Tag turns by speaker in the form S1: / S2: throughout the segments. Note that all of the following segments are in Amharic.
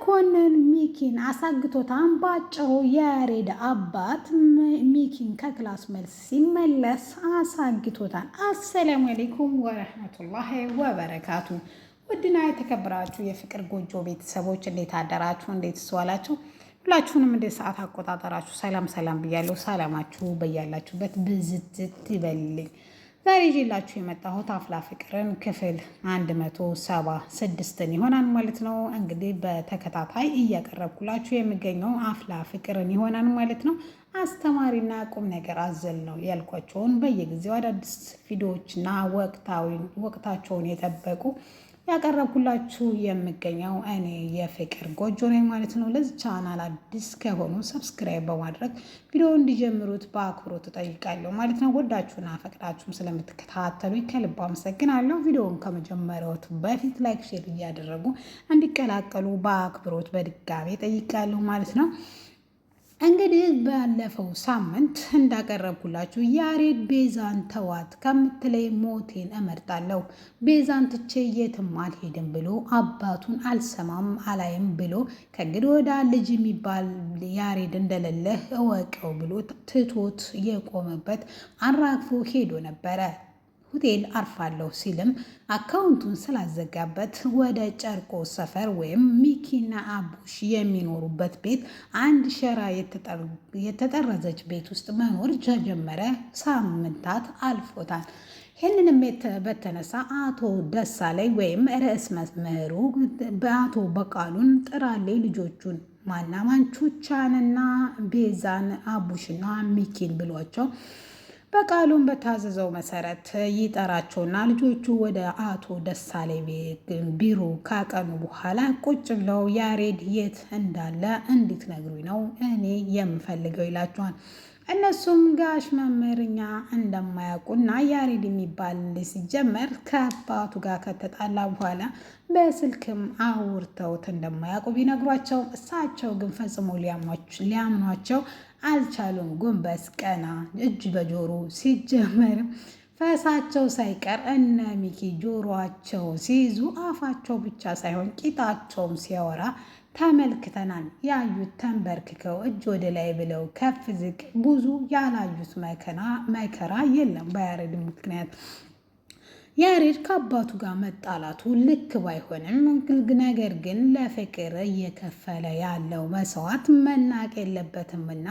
S1: መኮንን ሚኪን አሳግቶት አምባጨው ያሬድ አባት ሚኪን ከክላስ መልስ ሲመለስ አሳግቶታል። አሰላሙ አሌይኩም ወረህመቱላሂ ወበረካቱ። ውድና የተከበራችሁ የፍቅር ጎጆ ቤተሰቦች እንዴት አደራችሁ? እንዴት ስዋላችሁ? ሁላችሁንም እንደ ሰዓት አቆጣጠራችሁ ሰላም ሰላም ብያለሁ። ሰላማችሁ በያላችሁበት ብዝትት ይበልልኝ። ዛሬ ይዤላችሁ የመጣሁት አፍላ ፍቅርን ክፍል 176ን ይሆናል ማለት ነው። እንግዲህ በተከታታይ እያቀረብኩላችሁ የሚገኘው አፍላ ፍቅርን ይሆናል ማለት ነው። አስተማሪና ቁም ነገር አዘል ነው ያልኳቸውን በየጊዜው አዳዲስ ቪዲዮዎችና ወቅታዊ ወቅታቸውን የጠበቁ ያቀረብኩላችሁ የምገኘው እኔ የፍቅር ጎጆ ነኝ ማለት ነው። ለዚህ ቻናል አዲስ ከሆኑ ሰብስክራይብ በማድረግ ቪዲዮ እንዲጀምሩት በአክብሮት እጠይቃለሁ ማለት ነው። ወዳችሁና ፈቅዳችሁም ስለምትከታተሉ ከልብ አመሰግናለሁ። ቪዲዮውን ከመጀመሪያዎቱ በፊት ላይክ፣ ሼር እያደረጉ እንዲቀላቀሉ በአክብሮት በድጋሜ ጠይቃለሁ ማለት ነው። እንግዲህ ባለፈው ሳምንት እንዳቀረብኩላችሁ ያሬድ ቤዛን ተዋት ከምትለይ ሞቴን እመርጣለሁ፣ ቤዛን ትቼ የትም አልሄድም ብሎ አባቱን አልሰማም አላይም ብሎ ከእንግዲህ ወዳ ልጅ የሚባል ያሬድ እንደሌለ እወቀው ብሎ ትቶት የቆመበት አራግፎ ሄዶ ነበረ። ሆቴል አርፋለሁ ሲልም አካውንቱን ስላዘጋበት ወደ ጨርቆ ሰፈር ወይም ሚኪና አቡሽ የሚኖሩበት ቤት አንድ ሸራ የተጠረዘች ቤት ውስጥ መኖር ከጀመረ ሳምንታት አልፎታል። ይህንንም በተነሳ አቶ ደሳለኝ ወይም ርዕስ መምህሩ በአቶ በቃሉን ጥራሌ ልጆቹን ማናማንቹቻንና ቤዛን አቡሽና ሚኪን ብሏቸው በቃሉን በታዘዘው መሰረት ይጠራቸውና ልጆቹ ወደ አቶ ደሳሌ ቢሮ ካቀኑ በኋላ ቁጭ ብለው ያሬድ የት እንዳለ እንዲት ነግሩኝ ነው እኔ የምፈልገው ይላቸዋል። እነሱም ጋሽ መምህርኛ እንደማያውቁና ያሬድ የሚባል ሲጀመር ከአባቱ ጋር ከተጣላ በኋላ በስልክም አውርተውት እንደማያውቁ ቢነግሯቸው እሳቸው ግን ፈጽሞ ሊያምኗቸው አልቻሉም። ጎንበስ ቀና፣ እጅ በጆሮ ሲጀመርም ፈሳቸው ሳይቀር እነ ሚኪ ሲይዙ አፋቸው ብቻ ሳይሆን ቂጣቸውም ሲያወራ ተመልክተናል። ያዩት ተንበርክከው እጅ ወደ ላይ ብለው ከፍ ዝቅ ብዙ ያላዩት መከራ የለም በያሬድ ምክንያት ያሬድ ከአባቱ ጋር መጣላቱ ልክ ባይሆንም ነገር ግን ለፍቅር እየከፈለ ያለው መስዋዕት መናቅ የለበትምና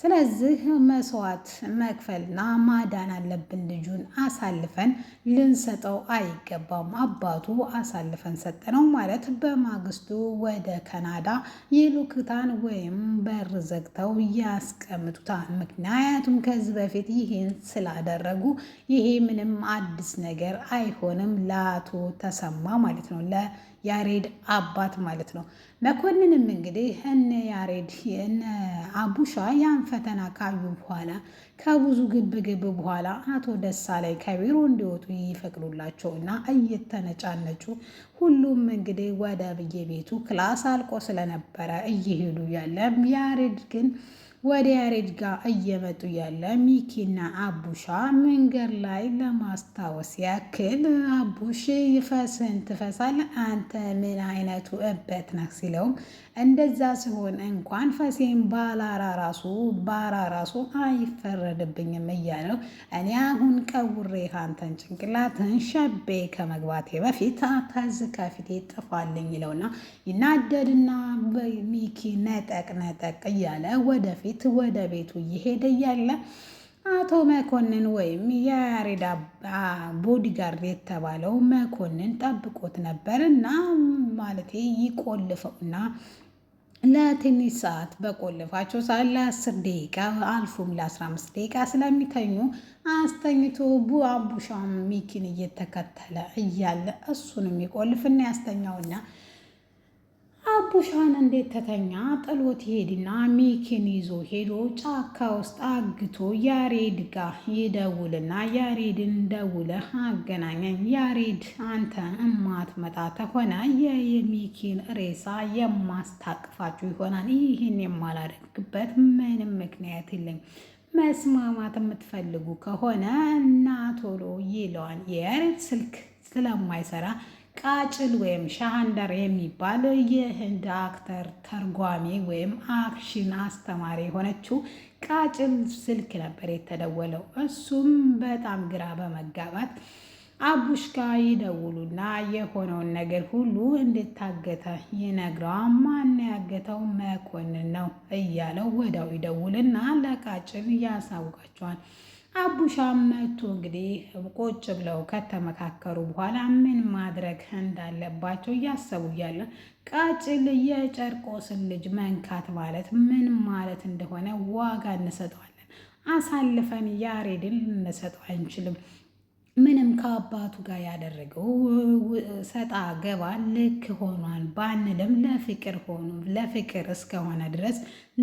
S1: ስለዚህ መስዋዕት መክፈልና ማዳን አለብን። ልጁን አሳልፈን ልንሰጠው አይገባም። አባቱ አሳልፈን ሰጠነው ማለት በማግስቱ ወደ ካናዳ የሉክታን ወይም በር ዘግተው ያስቀምጡታል። ምክንያቱም ከዚህ በፊት ይህን ስላደረጉ ይሄ ምንም አዲስ ነገር አይሆንም ለአቶ ተሰማ ማለት ነው፣ ለያሬድ አባት ማለት ነው። መኮንንም እንግዲህ እነ ያሬድ እነ አቡሻ ያን ፈተና ካዩ በኋላ ከብዙ ግብ ግብ በኋላ አቶ ደሳ ላይ ከቢሮ እንዲወጡ ይፈቅዱላቸው እና እየተነጫነጩ ሁሉም እንግዲህ ወደ በየቤቱ ክላስ አልቆ ስለነበረ እየሄዱ ያለ ያሬድ ግን ወደ ያሬድ ጋር እየመጡ ያለ ሚኪና አቡሻ መንገድ ላይ ለማስታወስ ያክል አቡሽ ይፈስን ትፈሳል አንተ ምን አይነቱ እበት ነህ ሲል የለውም። እንደዛ ሲሆን እንኳን ፈሴን ባላራ ራሱ ባራ ራሱ አይፈረድብኝም እያለው እኔ አሁን ቀውሬ ካንተን ጭንቅላትን ሸቤ ከመግባቴ በፊት ተዝ ከፊቴ ጥፋልኝ ይለውና ይናደድና ሚኪ ነጠቅ ነጠቅ እያለ ወደፊት ወደ ቤቱ እየሄደ እያለ አቶ መኮንን ወይም የሬዳ ቦዲጋርድ የተባለው መኮንን ጠብቆት ነበር እና ማለት ይቆልፈውና ለትንሽ ሰዓት በቆልፋቸው ለ10 ደቂቃ አልፎም ለ15 ደቂቃ ስለሚተኙ አስተኝቶ ቡአቡሻ ሚኪን እየተከተለ እያለ እሱንም ይቆልፍና ያስተኛውና አቡሻን እንዴት ተተኛ ጥሎት ሄድና ሚኪን ይዞ ሄዶ ጫካ ውስጥ አግቶ ያሬድ ጋር ይደውልና ያሬድን ደውለህ አገናኘኝ፣ ያሬድ አንተ እማትመጣ ተሆነ የሚኪን ሬሳ የማስታቅፋችሁ ይሆናል። ይህን የማላደርግበት ምንም ምክንያት የለኝ። መስማማት የምትፈልጉ ከሆነ እና ቶሎ ይለዋል። የያሬድ ስልክ ስለማይሰራ ቃጭል ወይም ሻሃንደር የሚባል የህንድ አክተር ተርጓሚ ወይም አክሽን አስተማሪ የሆነችው ቃጭል ስልክ ነበር የተደወለው። እሱም በጣም ግራ በመጋባት አቡሽ ጋ ይደውሉና የሆነውን ነገር ሁሉ እንድታገተ ይነግረዋ። ማን ያገተው? መኮንን ነው እያለው ወዲያው ይደውልና ለቃጭል ያሳውቃቸዋል። አቡሻም መቶ እንግዲህ ቁጭ ብለው ከተመካከሩ በኋላ ምን ማድረግ እንዳለባቸው እያሰቡ እያለ ቃጭል የጨርቆስን ልጅ መንካት ማለት ምን ማለት እንደሆነ ዋጋ እንሰጠዋለን። አሳልፈን ያሬድን ልንሰጠው አንችልም። ምንም ከአባቱ ጋር ያደረገው ሰጣ ገባ ልክ ሆኗል ባንልም ለፍቅር ሆኑ ለፍቅር እስከሆነ ድረስ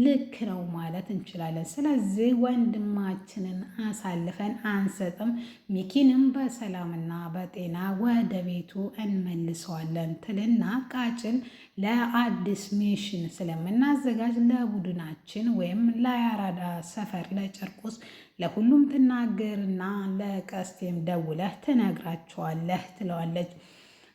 S1: ልክ ነው ማለት እንችላለን። ስለዚህ ወንድማችንን አሳልፈን አንሰጥም። ሚኪንም በሰላምና በጤና ወደ ቤቱ እንመልሰዋለን ትልና ቃጭን ለአዲስ ሚሽን ስለምናዘጋጅ ለቡድናችን ወይም ለአራዳ ሰፈር ለጨርቁስ ለሁሉም ትናገርና ለቀስቴም ደውለህ ትነግራቸዋለህ ትለዋለች።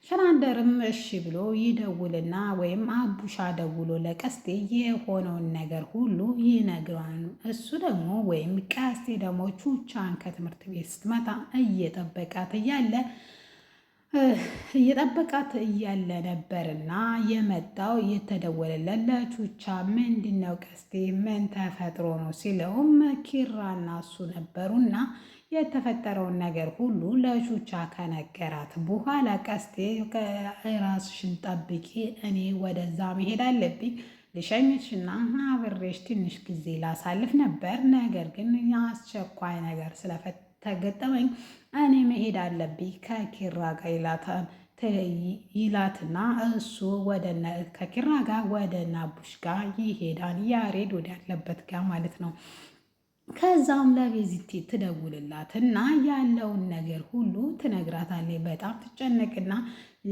S1: ሸናንደርም እሺ ብሎ ይደውልና ወይም አቡሻ ደውሎ ለቀስቴ የሆነውን ነገር ሁሉ ይነግረዋል። እሱ ደግሞ ወይም ቀስቴ ደግሞ ቹቻን ከትምህርት ቤት ስትመጣ እየጠበቃት እያለ እየጠበቃት እያለ ነበርና የመጣው የተደወለለት ለቹቻ ምንድን ነው ቀስቴ ምን ተፈጥሮ ነው ሲለውም ኪራና እሱ ነበሩና የተፈጠረውን ነገር ሁሉ ለቹቻ ከነገራት በኋላ ቀስቴ ራስሽን ጠብቂ፣ እኔ ወደዛ መሄድ አለብኝ ልሸኝሽና አብሬሽ ትንሽ ጊዜ ላሳልፍ ነበር፣ ነገር ግን አስቸኳይ ነገር ስለፈጠ ተገጠመኝ እኔ መሄድ አለብኝ ከኪራ ጋር ይላታል ይላትና እሱ ወደነ ከኪራ ጋር ወደነ አቡሽ ጋር ይሄዳል። ያሬድ ወደ ያለበት ጋር ማለት ነው። ከዛም ለቤዚቲ ትደውልላት እና ያለውን ነገር ሁሉ ትነግራታለች። በጣም ትጨነቅና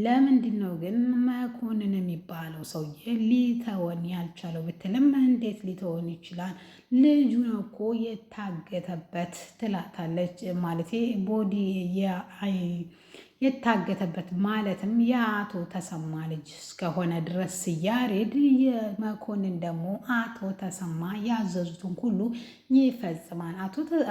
S1: ለምንድን ነው ግን መኮንን የሚባለው ሰውዬ ሊተወን ያልቻለው ብትልም፣ እንዴት ሊተወን ይችላል? ልጁ ነው እኮ የታገተበት ትላታለች። ማለቴ ቦዲ የአይ የታገተበት ማለትም የአቶ ተሰማ ልጅ እስከሆነ ድረስ ያሬድ፣ የመኮንን ደግሞ አቶ ተሰማ ያዘዙትን ሁሉ ይፈጽማል።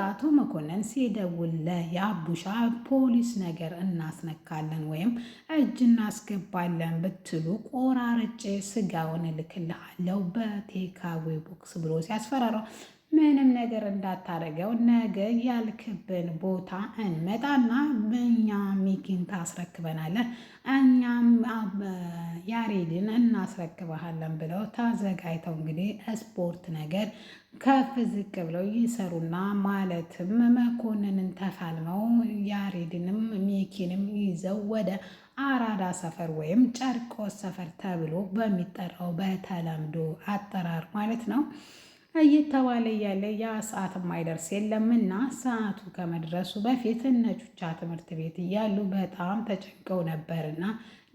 S1: አቶ መኮንን ሲደውል ለአቡሻ ፖሊስ ነገር እናስነካለን ወይም እጅ እናስገባለን ብትሉ ቆራረጬ ስጋውን እልክልሃለሁ በቴካዌ ቦክስ ብሎ ሲያስፈራራው ምንም ነገር እንዳታደርገው ነገ ያልክብን ቦታ እንመጣና በእኛ ሚኪን ታስረክበናለን እኛም ያሬድን እናስረክበሃለን ብለው ታዘጋጅተው እንግዲህ ስፖርት ነገር ከፍ ዝቅ ብለው ይሰሩና ማለትም መኮንንን ተፋልመው ያሬድንም ሚኪንም ይዘው ወደ አራዳ ሰፈር ወይም ጨርቆስ ሰፈር ተብሎ በሚጠራው በተለምዶ አጠራር ማለት ነው እየተባለ እያለ ያ ሰዓት የማይደርስ የለምና ሰዓቱ ከመድረሱ በፊት እነጩቻ ቹቻ ትምህርት ቤት እያሉ በጣም ተጨንቀው ነበርና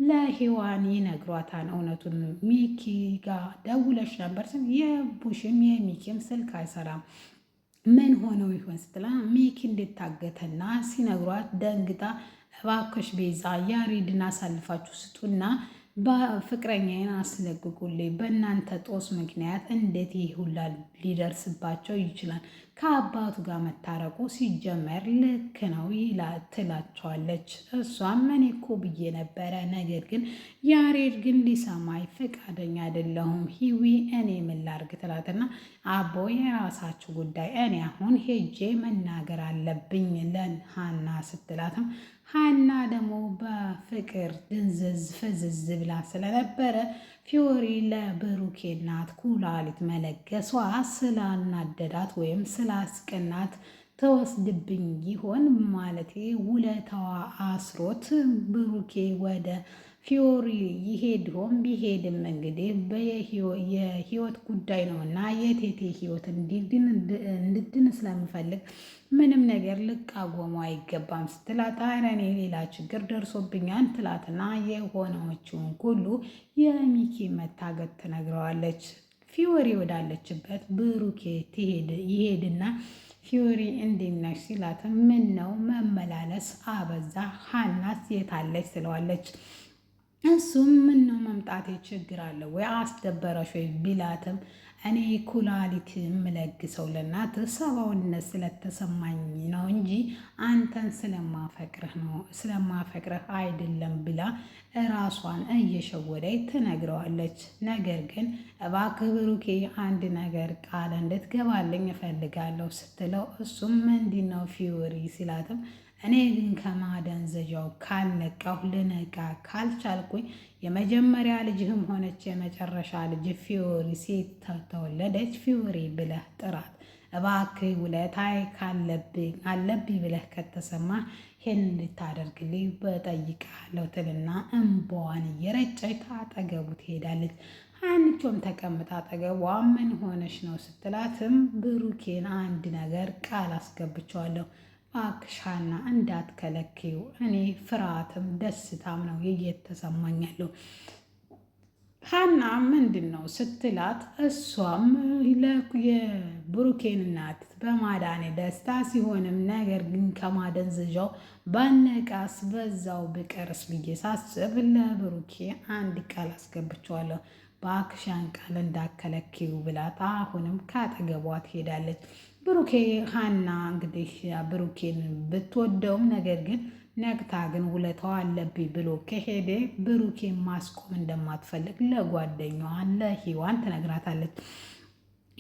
S1: ለሔዋን ይነግሯታን እውነቱን። ሚኪ ጋ ደውለሽ ነበር ስም የቡሽም የሚኪም ስልክ አይሰራም ምን ሆነው ይሆን ስትላ ሚኪ እንድታገተና ሲነግሯት ደንግጣ እባክሽ ቤዛ ያሬድን አሳልፋችሁ ስጡና በፍቅረኛዬን አስለቅቁልኝ። በእናንተ ጦስ ምክንያት እንዴት ይህ ሁላ ሊደርስባቸው ይችላል? ከአባቱ ጋር መታረቁ ሲጀመር ልክ ነው ትላቸዋለች። እሷም እኔ እኮ ብዬ ነበረ፣ ነገር ግን ያሬድ ግን ሊሰማኝ ፈቃደኛ አይደለሁም። ሂዊ እኔ ምን ላድርግ ትላትና አቦ የራሳችሁ ጉዳይ፣ እኔ አሁን ሄጄ መናገር አለብኝ ለን ሀና ስትላትም ሀና ደግሞ በፍቅር ድንዝዝ ፍዝዝ ብላ ስለነበረ ፊዮሪ ለብሩኬ እናት ኩላሊት መለገሷ ስላናደዳት ወይም ስላስቀናት ተወስድብኝ ይሆን ማለቴ ውለታዋ አስሮት ብሩኬ ወደ ፊዮሪ ይሄድሆም ቢሄድም እንግዲህ የህይወት ጉዳይ ነው እና የቴቴ ህይወት እንድድን ስለምፈልግ ምንም ነገር ልቃወመው አይገባም ስትላት፣ ኧረ እኔ ሌላ ችግር ደርሶብኛል ትላትና የሆነችውን ሁሉ የሚኪ መታገት ትነግረዋለች። ፊዮሪ ወዳለችበት ብሩኬ ይሄድና ፊዮሪ እንዲነሽ ሲላት፣ ምን ነው መመላለስ አበዛ ሀናስ የታለች ትለዋለች። እሱም ምን ነው መምጣቴ ችግር አለው ወይ አስደበረሽ ወይ ቢላትም እኔ ኩላሊት የምለግሰው ለእናት ሰብአዊነት ስለተሰማኝ ነው እንጂ አንተን ስለማፈቅርህ ነው ስለማፈቅርህ አይደለም ብላ ራሷን እየሸወደች ትነግረዋለች። ነገር ግን እባክህ ብሩኬ አንድ ነገር ቃል እንድትገባልኝ እፈልጋለሁ ስትለው እሱም ምንድን ነው ፊዮሪ ሲላትም እኔ ግን ከማደንዘዣው ካልነቃሁ ልነቃ ካልቻልኩኝ የመጀመሪያ ልጅህም ሆነች የመጨረሻ ልጅ ፊዮሪ ሴት ተወለደች ፊዮሪ ብለህ ጥራት። እባክህ ውለታይ ካለብኝ አለብኝ ብለህ ከተሰማ ይህን እንድታደርግልኝ በጠይቃለሁ ትልና እምባዋን እየረጨች አጠገቡ ትሄዳለች። አንቾም ተቀምጣ አጠገቧ ምን ሆነች ነው ስትላትም ብሩኬን አንድ ነገር ቃል አስገብቸዋለሁ አክሻና እንዳትከለክዩ። እኔ ፍርሃትም ደስታም ነው እየተሰማኛለሁ። ሀና ምንድን ነው ስትላት፣ እሷም የብሩኬን እናት በማዳኔ ደስታ ሲሆንም ነገር ግን ከማደንዘዣው ባነቃስ በዛው ብቀርስ ብዬ ሳስብ ለብሩኬ አንድ ቃል አስገብቸዋለሁ በአክሻን ቃል እንዳከለክዩ ብላት አሁንም ካጠገቧ ትሄዳለች። ብሩኬ ሀና እንግዲህ ብሩኬን ብትወደውም ነገር ግን ነቅታ ግን ውለታው አለብኝ ብሎ ከሄደ ብሩኬን ማስቆም እንደማትፈልግ ለጓደኛዋ ለሂዋን ትነግራታለች።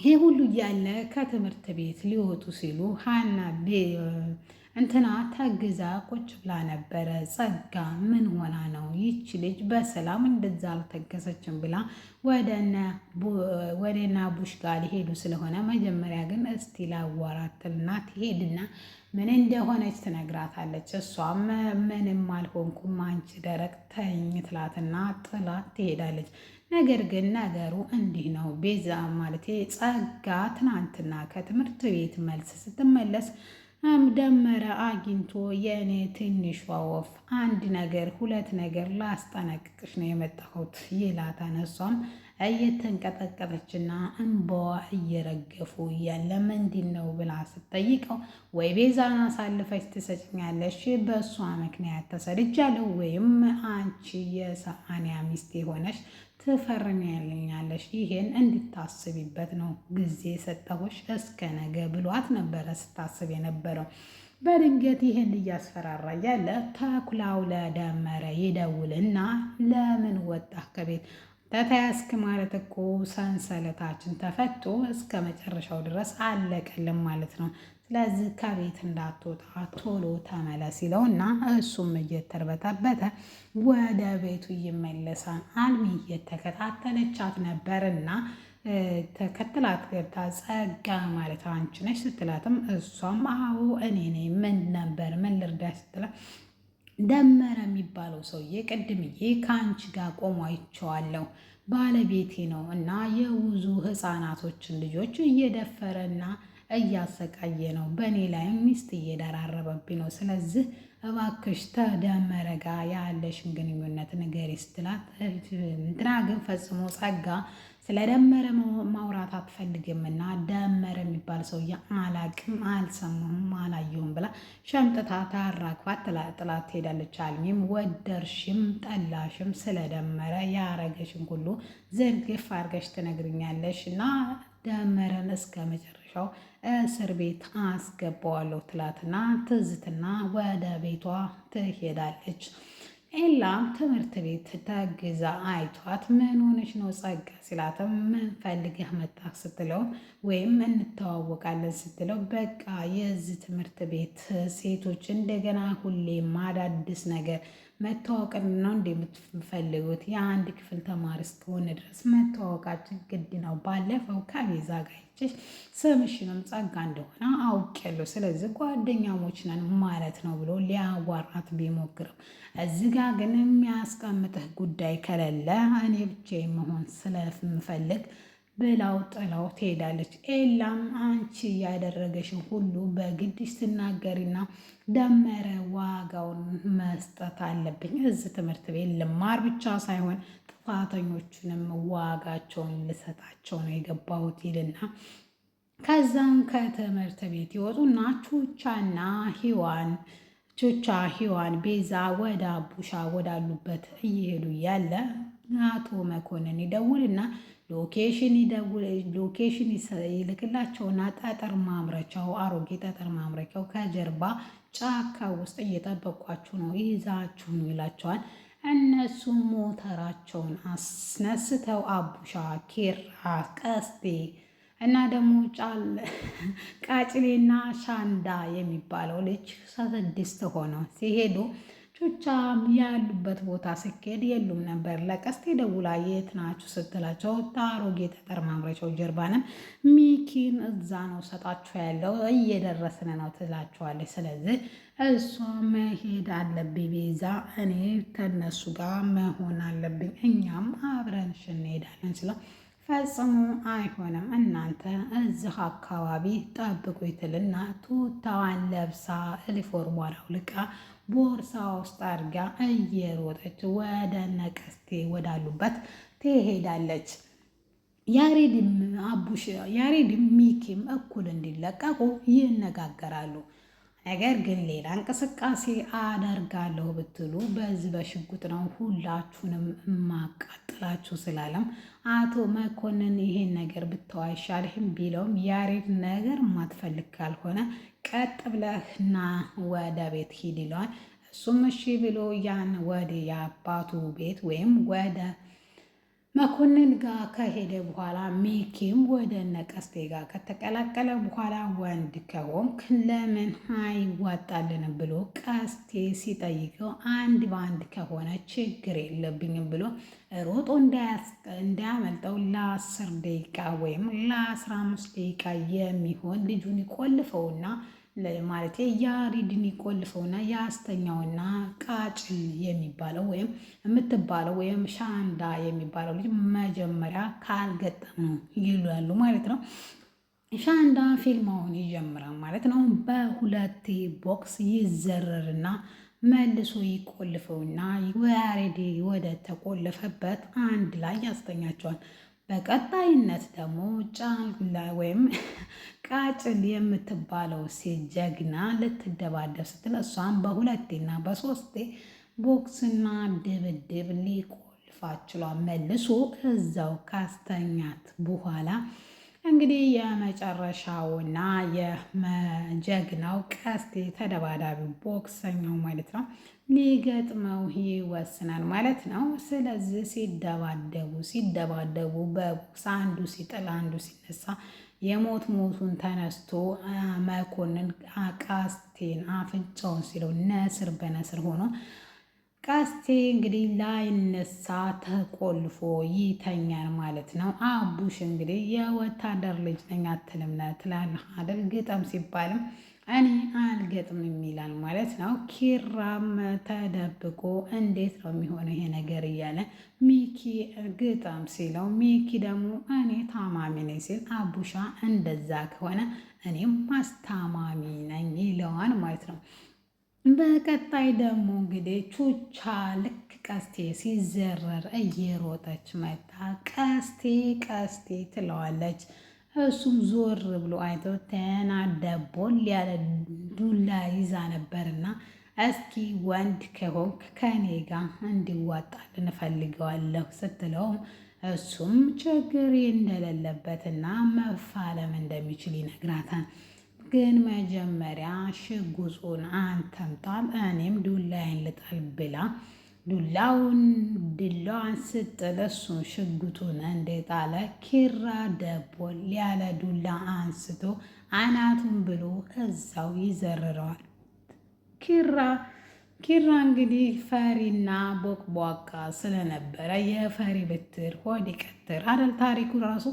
S1: ይህ ሁሉ እያለ ከትምህርት ቤት ሊወጡ ሲሉ ሀና እንትና ተግዛ ቁጭ ብላ ነበረ። ጸጋ ምን ሆና ነው ይች ልጅ በሰላም እንደዛ አልተገሰችም ብላ ወደና ቡሽ ጋር ሊሄዱ ስለሆነ መጀመሪያ ግን እስቲ ላዋራትልና ትሄድና ምን እንደሆነች ትነግራታለች። እሷ ምንም አልሆንኩም አንቺ ደረቅ ተኝ ትላትና ጥላት ትሄዳለች። ነገር ግን ነገሩ እንዲህ ነው። ቤዛ ማለት ጸጋ ትናንትና ከትምህርት ቤት መልስ ስትመለስ ደመረ አግኝቶ የእኔ ትንሿ ወፍ አንድ ነገር ሁለት ነገር ላስጠነቅቅሽ ነው የመጣሁት ይላታል። እሷም እየተንቀጠቀጠችና እንባዋ እየረገፉ እያለ ምንድን ነው ብላ ስትጠይቀው ወይ ቤዛን አሳልፈች ትሰጭኛለሽ፣ በእሷ ምክንያት ተሰድጃለሁ፣ ወይም አንቺ የሰማንያ ሚስት የሆነች ትፈርሚያለኛለሽ ይሄን እንድታስቢበት ነው ጊዜ ሰጠሁሽ እስከ ነገ ብሏት ነበረ ስታስብ የነበረው። በድንገት ይህን እያስፈራራ ያለ ተኩላው ለደመረ ይደውልና ለምን ወጣ ከቤት ለተያዝክ ማለት እኮ ሰንሰለታችን ተፈቶ እስከ መጨረሻው ድረስ አለቀልን ማለት ነው። ስለዚህ ከቤት እንዳትወጣ ቶሎ ተመለስ ይለውና እሱም እየተርበተበተ ወደ ቤቱ ይመለሳል። አልሚ እየተከታተለቻት ነበርና ተከትላት ገብታ ጸጋ ማለት አንቺ ነሽ ስትላትም እሷም አዎ እኔ ነኝ ምን ነበር ምን ልርዳ ስትላት ደመረ የሚባለው ሰውዬ ቅድምዬ ከአንቺ ጋር ቆሞ አይቼዋለሁ። ባለቤቴ ነው እና የውዙ ህፃናቶችን ልጆች እየደፈረ እያሰቃየ ነው። በእኔ ላይም ሚስት እየደራረበብኝ ነው። ስለዚህ እባክሽ ተደመረ ጋር ያለሽን ግንኙነት ንገሪ ስትላት እንትና ግን ፈጽሞ ጸጋ ስለ ደመረ ማውራት አትፈልግም እና ደመረ የሚባል ሰውዬ አላቅም፣ አልሰማሁም፣ አላየሁም ብላ ሸምጥታ ታራግፋት ጥላት ትሄዳለች። አልሚም ወደርሽም ጠላሽም ስለ ደመረ ያረገሽን ሁሉ ዝርግፍ አርገሽ ትነግርኛለሽ እና ደመረን እስከ መጨረሻው እስር ቤት አስገባዋለሁ ትላትና ትዝትና ወደ ቤቷ ትሄዳለች። ኤላ ትምህርት ቤት ተግዛ አይቷት ምን ሆነች ነው ጸጋ ሲላት ምን ፈልገህ መጣህ ስትለው ወይም እንተዋወቃለን ስትለው በቃ የዚህ ትምህርት ቤት ሴቶች እንደገና ሁሌም አዳዲስ ነገር መተዋወቅን ነው እንደምትፈልጉት የአንድ ክፍል ተማሪ እስከሆነ ድረስ መተዋወቃችን ግድ ነው። ባለፈው ከቤዛ ጋር ይችሽ ስምሽንም ጸጋ እንደሆነ አውቄያለሁ፣ ስለዚህ ጓደኛሞች ነን ማለት ነው ብሎ ሊያዋራት ቢሞክርም እዚህ ጋ ግን የሚያስቀምጥህ ጉዳይ ከሌለ እኔ ብቻዬን መሆን ስለምፈልግ ብላው ጥላው ትሄዳለች። ኤላም አንቺ ያደረገሽን ሁሉ በግድሽ ስናገሪና ደመረ ዋጋውን መስጠት አለብኝ። እዚህ ትምህርት ቤት ልማር ብቻ ሳይሆን ጥፋተኞቹንም ዋጋቸውን ልሰጣቸው ነው የገባሁት ይልና ከዛም ከትምህርት ቤት ይወጡና ቹቻና ሂዋን ቹቻ ሂዋን ቤዛ ወደ አቡሻ ወዳሉበት እየሄዱ ያለ አቶ መኮንን ይደውልና ሎኬሽን ሎኬሽን ይልክላቸውና ጠጠር ማምረቻው አሮጌ ጠጠር ማምረቻው ከጀርባ ጫካ ውስጥ እየጠበቋችሁ ነው ይዛችሁ ነው ይላቸዋል። እነሱም ሞተራቸውን አስነስተው አቡሻ፣ ኬራ፣ ቀስቴ እና ደግሞ ቃጭሌና ሻንዳ የሚባለው ልጅ ስድስት ሆነው ሲሄዱ ቹቻም ያሉበት ቦታ ስኬድ የሉም ነበር። ለቀስቴ ደውላ የት ናችሁ ስትላቸው ታሮጌ ጠጠር ማምረቻው ጀርባንም ሚኪን እዛ ነው ሰጣችሁ ያለው እየደረስን ነው ትላቸዋለች። ስለዚህ እሷ መሄድ አለብኝ ቤዛ፣ እኔ ከነሱ ጋር መሆን አለብኝ፣ እኛም አብረን እንሄዳለን ስለው ፈጽሞ አይሆንም። እናንተ እዚህ አካባቢ ጠብቁ ይትልና ቱታዋን ለብሳ ዩኒፎርሟን አውልቃ ቦርሳ ውስጥ አድርጋ እየሮጠች ወደ ነቀስቴ ወዳሉበት ትሄዳለች። ያሬድም አቡሽ ያሬድም ሚኪም እኩል እንዲለቀቁ ይነጋገራሉ። ነገር ግን ሌላ እንቅስቃሴ አደርጋለሁ ብትሉ በዚህ በሽጉጥ ነው ሁላችሁንም የማቃጥላችሁ ስላለም አቶ መኮንን ይሄን ነገር ብተው አይሻልህም ቢለውም ያሬድ ነገር ማትፈልግ ካልሆነ ቀጥ ብለህ ና ወደ ቤት ሂድ ይለዋል። እሱም እሺ ብሎ ያን ወደ የአባቱ ቤት ወይም ወደ መኮንን ጋር ከሄደ በኋላ ሚኪም ወደ ነቀስቴ ቀስቴ ጋር ከተቀላቀለ በኋላ ወንድ ከሆንክ ለምን አይዋጣልንም ብሎ ቀስቴ ሲጠይቀው አንድ በአንድ ከሆነ ችግር የለብኝም ብሎ ሮጦ እንዳያመልጠው ለአስር ደቂቃ ወይም ለአስራ አምስት ደቂቃ የሚሆን ልጁን ይቆልፈውና ማለት ያሬድን ይቆልፈውና ያስተኛውና ቃጭል የሚባለው ወይም የምትባለው ወይም ሻንዳ የሚባለው ልጅ መጀመሪያ ካልገጠመው ይላሉ ማለት ነው። ሻንዳ ፊልማውን ይጀምራል ማለት ነው። በሁለት ቦክስ ይዘረርና መልሶ ይቆልፈውና ያሬድ ወደ ተቆለፈበት አንድ ላይ ያስተኛቸዋል። በቀጣይነት ደግሞ ጫላ ወይም ቃጭል የምትባለው ሴት ጀግና ልትደባደብ ስትል እሷም በሁለቴና በሶስቴ ቦክስና ድብድብ ሊቆልፋችሏ መልሶ እዛው ካስተኛት በኋላ እንግዲህ የመጨረሻውና የጀግናው ቀስቴ ተደባዳቢው ቦክሰኛው ማለት ነው ሊገጥመው ይወስናል ማለት ነው። ስለዚህ ሲደባደቡ ሲደባደቡ በቦክስ አንዱ ሲጥል አንዱ ሲነሳ የሞት ሞቱን ተነስቶ መኮንን ቃስቴን አፍንጫውን ሲለው ነስር በነስር ሆኖ ቃስቴ እንግዲህ ላይነሳ ተቆልፎ ይተኛል ማለት ነው። አቡሽ እንግዲህ የወታደር ልጅ ነኝ አትልም ነህ ትላለህ አይደል? ግጠም ሲባልም እኔ አልገጥምም የሚላል ማለት ነው። ኪራም ተደብቆ እንዴት ነው የሚሆነው ይሄ ነገር እያለ ሚኪ ግጠም ሲለው ሚኪ ደግሞ እኔ ታማሚ ነኝ ሲል አቡሻ እንደዛ ከሆነ እኔም ማስታማሚ ነኝ ይለዋል ማለት ነው። በቀጣይ ደግሞ እንግዲህ ቹቻ ልክ ቀስቴ ሲዘረር እየሮጠች መጣ። ቀስቴ ቀስቴ ትለዋለች። እሱም ዞር ብሎ አይቶ ተናዳ ያለ ዱላ ይዛ ነበርና እስኪ ወንድ ከሆንክ ከኔ ጋር እንዲዋጣልን እፈልገዋለሁ ስትለውም እሱም ችግር እንደሌለበትና መፋለም እንደሚችል ይነግራታል። ግን መጀመሪያ ሽጉጡን አንተምጣል እኔም ዱላይን ልጣል ብላ ዱላውን ዱላዋን ስጥል እሱን ሽጉጡን እንደጣለ ኪራ ደቦል ያለ ዱላ አንስቶ አናቱን ብሎ እዛው ይዘርረዋል። ኪራ ኪራ እንግዲህ ፈሪና ቦቅቧቃ ስለነበረ የፈሪ ብትር ሆድ ይቀትር አደል ታሪኩ ራሱ።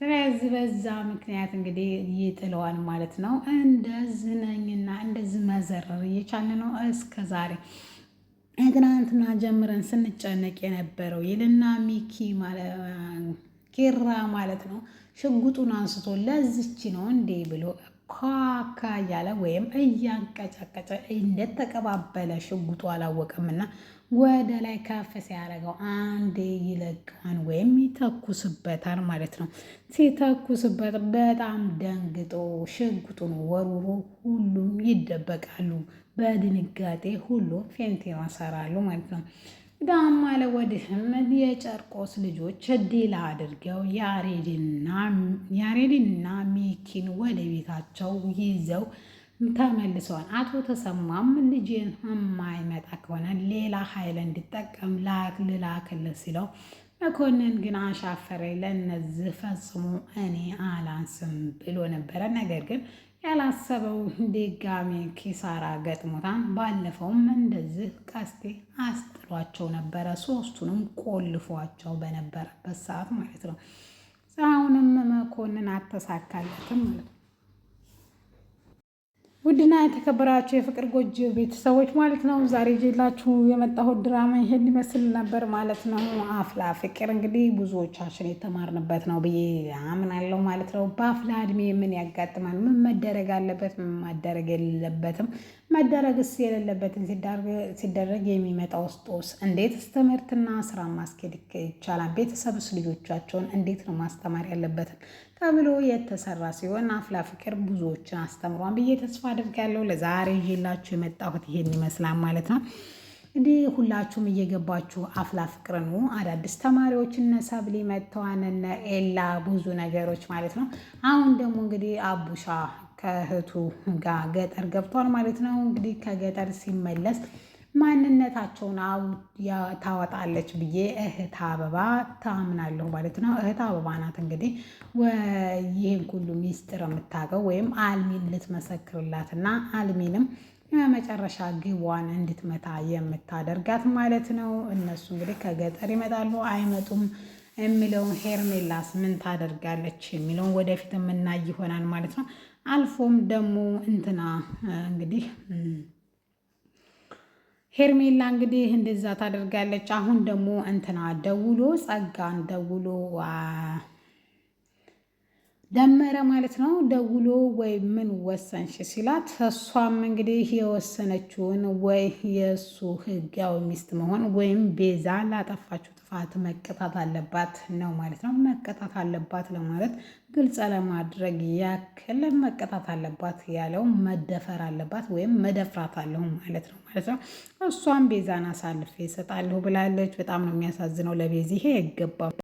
S1: ስለዚህ በዛ ምክንያት እንግዲህ ይጥለዋል ማለት ነው። እንደ ዝነኝና እንደዚህ መዘረር እየቻለ ነው እስከ ዛሬ ትናንትና ጀምረን ስንጨነቅ የነበረው ይልና ሚኪ ኪራ ማለት ነው ሽጉጡን አንስቶ ለዝች ነው እንዴ ብሎ ኳካ እያለ ወይም እያንቀጫቀጨ እንደተቀባበለ ሽጉጡ አላወቀምና ወደ ላይ ከፍ ሲያደርገው አንዴ ይለቀዋል ወይም ይተኩስበታል ማለት ነው። ሲተኩስበት በጣም ደንግጦ ሽጉጡን ወርውሮ ሁሉም ይደበቃሉ። በድንጋጤ ሁሉም ፌንት ይመሰራሉ ማለት ነው። ዳማ ለወድህም የጨርቆስ ልጆች ዲላ አድርገው ያሬድንና ሚኪን ወደ ቤታቸው ይዘው ተመልሰዋል። አቶ ተሰማም ልጄን የማይመጣ ከሆነ ሌላ ኃይል እንዲጠቀም ልላክልህ ሲለው መኮንን ግን አሻፈረ ለእነዚህ ፈጽሞ እኔ አላንስም ብሎ ነበረ። ነገር ግን ያላሰበው ድጋሚ ኪሳራ ገጥሞታን። ባለፈውም እንደዚህ ቀስቴ አስጥሏቸው ነበረ፣ ሶስቱንም ቆልፏቸው በነበረበት ሰዓት ማለት ነው። አሁንም መኮንን አተሳካለትም ማለት ነው። ውድና የተከበራችሁ የፍቅር ጎጆ ቤተሰቦች ማለት ነው፣ ዛሬ ይዤላችሁ የመጣሁት ድራማ ይሄን ሊመስል ነበር ማለት ነው። አፍላ ፍቅር እንግዲህ ብዙዎቻችን የተማርንበት ነው ብዬ አምናለሁ ማለት ነው። በአፍላ እድሜ ምን ያጋጥማል፣ ምን መደረግ አለበት፣ ምን ማደረግ የሌለበትም፣ መደረግስ የሌለበትን ሲደረግ የሚመጣው ስጦስ፣ እንዴት ትምህርትና ስራ ማስኬድ ይቻላል፣ ቤተሰብስ ልጆቻቸውን እንዴት ነው ማስተማር ያለበትን ተብሎ የተሰራ ሲሆን አፍላ ፍቅር ብዙዎችን አስተምሯን ብዬ ተስፋ አድርጋለሁ። ለዛሬ ይዤላችሁ የመጣሁት ይሄን ይመስላል ማለት ነው። እንግዲህ ሁላችሁም እየገባችሁ አፍላ ፍቅር ነው። አዳዲስ ተማሪዎች እነ ሰብሊ መጥተዋን እነ ኤላ ብዙ ነገሮች ማለት ነው። አሁን ደግሞ እንግዲህ አቡሻ ከእህቱ ጋር ገጠር ገብቷል ማለት ነው። እንግዲህ ከገጠር ሲመለስ ማንነታቸውን ታወጣለች ብዬ እህት አበባ ታምናለሁ ማለት ነው። እህት አበባ ናት እንግዲህ ይህን ሁሉ ሚስጥር የምታውቀው ወይም አልሚን ልትመሰክርላት እና አልሚንም የመጨረሻ ግቧን እንድትመታ የምታደርጋት ማለት ነው። እነሱ እንግዲህ ከገጠር ይመጣሉ አይመጡም የሚለውን ሄርሜላስ ምን ታደርጋለች የሚለውን ወደፊት የምናይ ይሆናል ማለት ነው። አልፎም ደግሞ እንትና እንግዲህ ሄርሜላ እንግዲህ እንደዛ ታደርጋለች። አሁን ደግሞ እንትና ደውሎ ጸጋን ደውሎ ደመረ ማለት ነው ደውሎ ወይ ምን ወሰንሽ ሲላት፣ እሷም እንግዲህ የወሰነችውን ወይ የእሱ ህጋዊ ሚስት መሆን ወይም ቤዛ ላጠፋችው ጥፋት መቀጣት አለባት ነው ማለት ነው። መቀጣት አለባት ለማለት ግልጽ ለማድረግ ያክል መቀጣት አለባት ያለው መደፈር አለባት ወይም መደፍራት አለው ማለት ነው ማለት ነው። እሷም ቤዛን አሳልፌ እሰጣለሁ ብላለች። በጣም ነው የሚያሳዝነው። ለቤዚ ይሄ አይገባም።